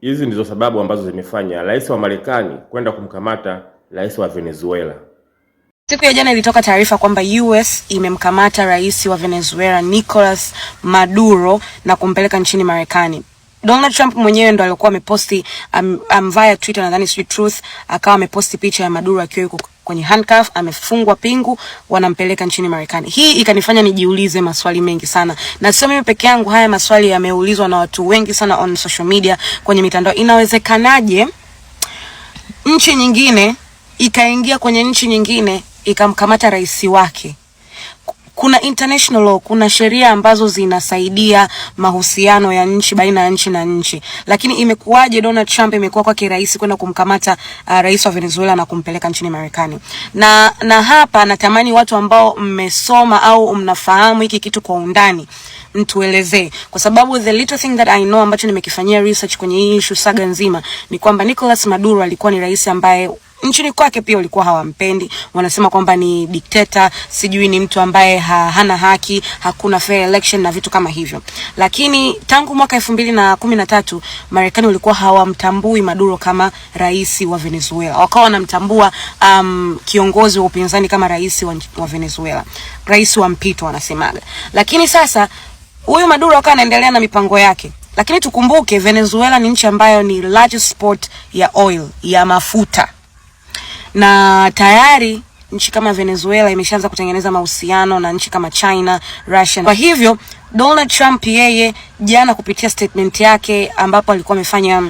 Hizi ndizo sababu ambazo zimefanya rais wa Marekani kwenda kumkamata rais wa Venezuela. Siku ya jana ilitoka taarifa kwamba US imemkamata rais wa Venezuela Nicolas Maduro na kumpeleka nchini Marekani. Donald Trump mwenyewe ndo alikuwa ameposti um, um, via Twitter nadhani sweet truth akawa ameposti picha ya Maduro akiwa yuko kwenye handcuff, amefungwa pingu, wanampeleka nchini Marekani. Hii ikanifanya nijiulize maswali mengi sana, na sio mimi peke yangu, haya maswali yameulizwa na watu wengi sana on social media, kwenye mitandao. Inawezekanaje nchi nyingine ikaingia kwenye nchi nyingine ikamkamata rais wake kuna international law, kuna sheria ambazo zinasaidia mahusiano ya nchi baina ya nchi na nchi, lakini imekuwaje Donald Trump imekuwa kwake rahisi kwenda kumkamata uh, rais wa Venezuela na kumpeleka nchini Marekani? Na, na hapa natamani watu ambao mmesoma au mnafahamu hiki kitu kwa undani mtuelezee, kwa sababu the little thing that I know ambacho nimekifanyia research kwenye hii issue saga nzima ni kwamba Nicolas Maduro alikuwa ni rais ambaye nchini kwake pia walikuwa hawampendi, wanasema kwamba ni dikteta, sijui ni mtu ambaye ha, hana haki, hakuna fair election na vitu kama hivyo. Lakini tangu mwaka elfu mbili na kumi na tatu Marekani walikuwa hawamtambui Maduro kama rais wa Venezuela, wakawa wanamtambua um, kiongozi wa upinzani kama rais wa, wa Venezuela, rais wa mpito wanasemaga. Lakini sasa huyu Maduro akawa anaendelea na mipango yake lakini tukumbuke Venezuela ni nchi ambayo ni largest port ya oil ya mafuta na tayari nchi kama Venezuela imeshaanza kutengeneza mahusiano na nchi kama China, Russia. Kwa hivyo Donald Trump yeye jana kupitia statement yake ambapo alikuwa amefanya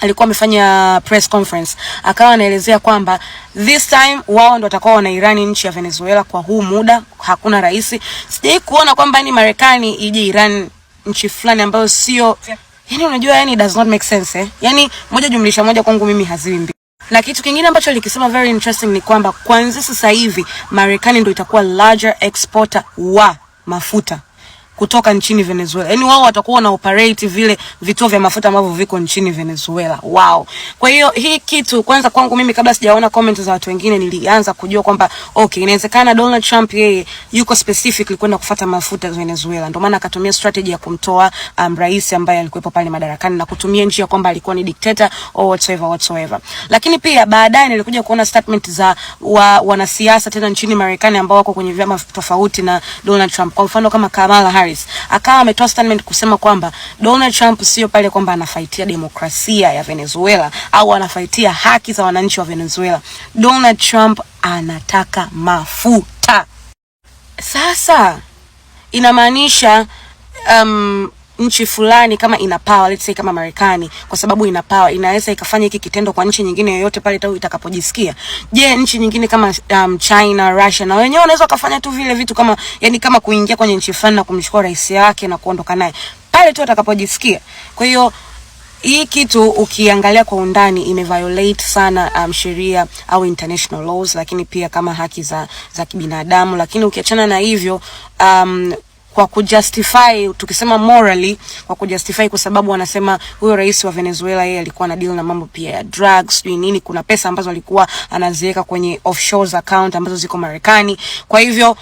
alikuwa amefanya press conference akawa anaelezea kwamba this time wao ndo watakuwa wana Iran nchi ya Venezuela kwa huu muda, hakuna rais. Sijai kuona kwamba ni Marekani ije Iran nchi fulani ambayo sio, yani unajua, yani does not make sense eh? Yani moja jumlisha moja kwangu mimi haziwi na kitu kingine ambacho likisema very interesting ni kwamba kuanzia sasa hivi Marekani ndio itakuwa larger exporter wa mafuta kutoka nchini Venezuela. Yaani wao watakuwa na operate vile vituo vya mafuta ambavyo viko nchini Venezuela. Wow. Kwa hiyo hii kitu kwanza kwangu mimi kabla sijaona comment za watu wengine nilianza kujua kwamba okay, inawezekana Donald Trump yeye yuko specifically kwenda kufuata mafuta Venezuela. Ndio maana akatumia strategy ya kumtoa um, rais ambaye alikuwepo pale madarakani na kutumia njia kwamba alikuwa ni dictator or whatever whatsoever. Lakini pia baadaye nilikuja kuona statement za wa, wanasiasa tena nchini Marekani ambao wako kwenye vyama tofauti na Donald Trump. Kwa mfano kama Kamala Harris Harris akawa ametoa statement kusema kwamba Donald Trump sio pale kwamba anafaitia demokrasia ya Venezuela au anafaitia haki za wananchi wa Venezuela. Donald Trump anataka mafuta. Sasa inamaanisha um, nchi fulani kama ina power, let's say kama Marekani, kwa sababu ina power inaweza ikafanya hiki kitendo kwa nchi nyingine yoyote pale tu itakapojisikia. Je, nchi nyingine kama um, China, Russia na wenyewe wanaweza kufanya tu vile vitu kama yani kama kuingia kwenye nchi fulani na kumchukua rais yake na kuondoka naye pale tu atakapojisikia. Kwa hiyo hii kitu ukiangalia kwa undani ime violate sana um, sheria au international laws, lakini pia kama haki za, za kibinadamu. Lakini ukiachana na hivyo um, kwa kujustify, tukisema morally, kwa kujustify kwa sababu wanasema huyo rais wa Venezuela yeye alikuwa na deal na mambo pia ya drugs, sijui nini. Kuna pesa ambazo alikuwa anaziweka kwenye offshore account ambazo ziko Marekani, kwa hivyo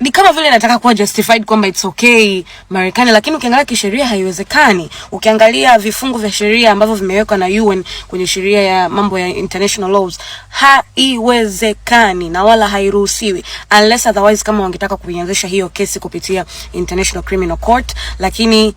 ni kama vile nataka kuwa justified kwamba it's okay Marekani, lakini ukiangalia kisheria haiwezekani. Ukiangalia vifungu vya sheria ambavyo vimewekwa na UN kwenye sheria ya mambo ya international laws, haiwezekani na wala hairuhusiwi unless otherwise, kama wangetaka kuianzisha hiyo kesi kupitia International Criminal Court, lakini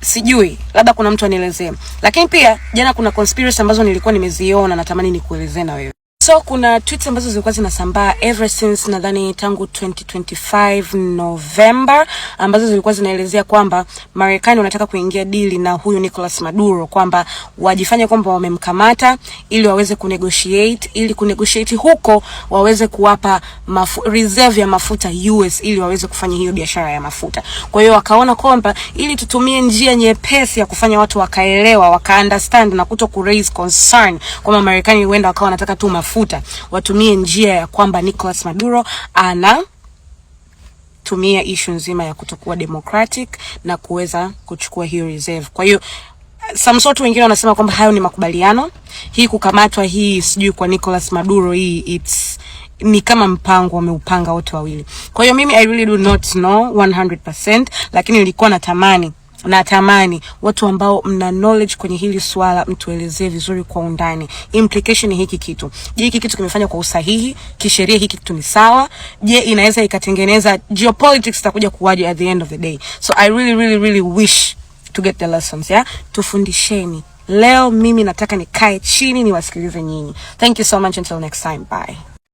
sijui labda kuna mtu anielezee. Lakini pia jana kuna conspiracy ambazo nilikuwa nimeziona, natamani nikuelezee na wewe. So kuna tweets ambazo zilikuwa zinasambaa ever since nadhani tangu 2025 November ambazo zilikuwa zinaelezea kwamba Marekani wanataka kuingia dili na huyu Nicolas Maduro kwamba wajifanye kwamba wamemkamata ili waweze kunegotiate ili kunegotiate huko waweze kuwapa mafu, reserve ya mafuta US ili waweze kufanya hiyo biashara ya mafuta. Kwa hiyo wakaona kwamba ili tutumie njia nyepesi ya kufanya watu wakaelewa, waka understand na kuto ku raise concern kwamba Marekani huenda wakawa wanataka tu mafuta kumtafuta watumie njia ya kwamba Nicolas Maduro ana tumia ishu nzima ya kutokuwa democratic na kuweza kuchukua hiyo reserve. Kwa hiyo Samsotu wengine wanasema kwamba hayo ni makubaliano. Hii kukamatwa hii sijui kwa Nicolas Maduro hii it's ni kama mpango wameupanga wote wawili. Kwa hiyo mimi I really do not know 100% lakini nilikuwa natamani natamani watu ambao mna knowledge kwenye hili swala mtuelezee vizuri kwa undani. Implication hiki kitu, je, hiki kitu kimefanya kwa usahihi kisheria? Hiki kitu ni sawa? Je, inaweza ikatengeneza geopolitics itakuja kuwaje at the end of the day? So I really really really wish to get the lessons yeah. Tufundisheni leo, mimi nataka nikae chini niwasikilize nyinyi. Thank you so much, until next time, bye.